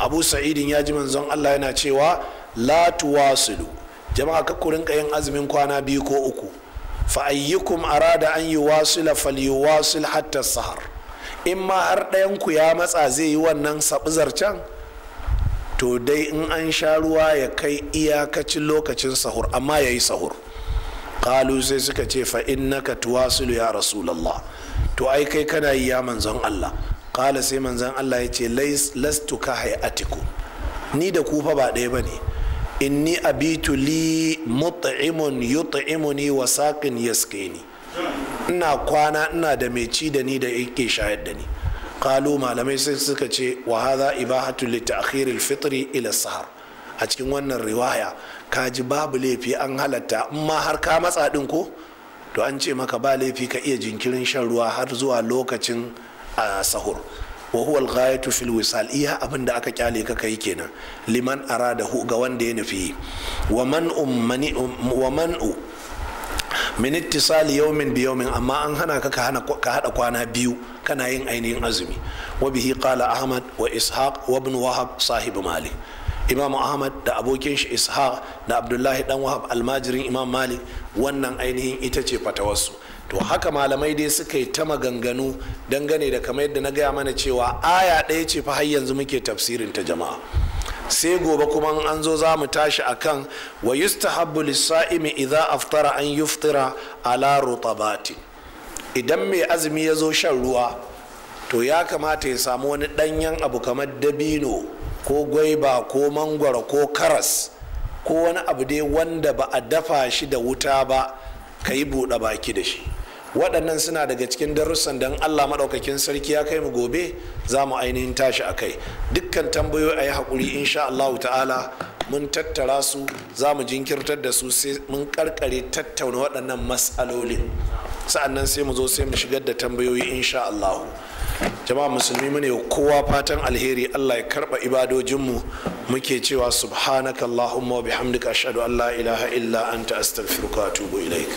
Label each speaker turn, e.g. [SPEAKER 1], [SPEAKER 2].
[SPEAKER 1] abu sa'idin ya ji manzon allah yana cewa la tuwasilu jama'a ka ku rinka yin azumin kwana biyu ko uku fa ayyukum arada an yi yuwasila wasil hatta sahar in ma har ɗayanku ya matsa zai yi wannan sabizar can to dai in an sha ruwa ya kai iyakacin lokacin sahur amma ya yi sahur kalu sai suka ce fa innaka tuwasilu ya rasulallah to ai kai kana yi ya manzon Allah kala sai manzan allah ya ce lastu ka hayatiku ni da ku fa ba ɗaya ba ne inni abitu li mut'imun yut'imuni wa saqin yaskini ina kwana ina da mai ci da ni da yake shayar da ni kalu malamai sai suka ce wa hadha ibahatu li ta'khir al-fitr ila sahar a cikin wannan riwaya ka ji babu laifi an halatta in har ka matsa ɗin ko to an ce maka ba laifi ka iya jinkirin shan ruwa har zuwa lokacin a sahur wa huwa al-ghayatu fil wisal iya abinda aka kyale ka kai kenan liman hu ga wanda ya nufi wa man ummani um, wa man min ittisal yawmin bi yawmin amma an hana ka ka hada kwana biyu kana yin ainihin azumi wa bihi qala ahmad wa ishaq wa ibn wahab sahib malik imamu ahmad da abokin shi ishaq da abdullahi dan wahab almajirin imam malik wannan ainihin ita ce fatawarsu to haka malamai dai suka yi ta maganganu dangane da kamar yadda na gaya mana cewa aya ɗaya ce fa har yanzu muke tafsirin ta jama'a sai gobe kuma an zo za mu tashi akan wa yustahabbu lis idza aftara an yuftira ala rutabati idan mai azumi ya zo shan ruwa to ya kamata ya samu wani ɗanyen abu kamar dabino ko gwaiba ko mangwaro ko karas ko wani abu dai wanda ba a dafa shi da wuta ba ka yi buɗe baki da shi waɗannan suna daga cikin darussan don allah maɗaukakin sarki ya kai mu gobe za mu ainihin tashi a kai dukkan tambayoyi a yi haƙuri insha allahu ta'ala mun tattara su za mu jinkirtar da su sai mun karkare tattauna waɗannan matsalolin sa'annan sai mu zo sai mu shigar da tambayoyi insha allahu jama'a musulmi mune kowa fatan alheri allah ya karba ibadojinmu muke cewa subhanaka allahumma wa bihamdika ashhadu an la ilaha illa anta astaghfiruka wa atubu ilaik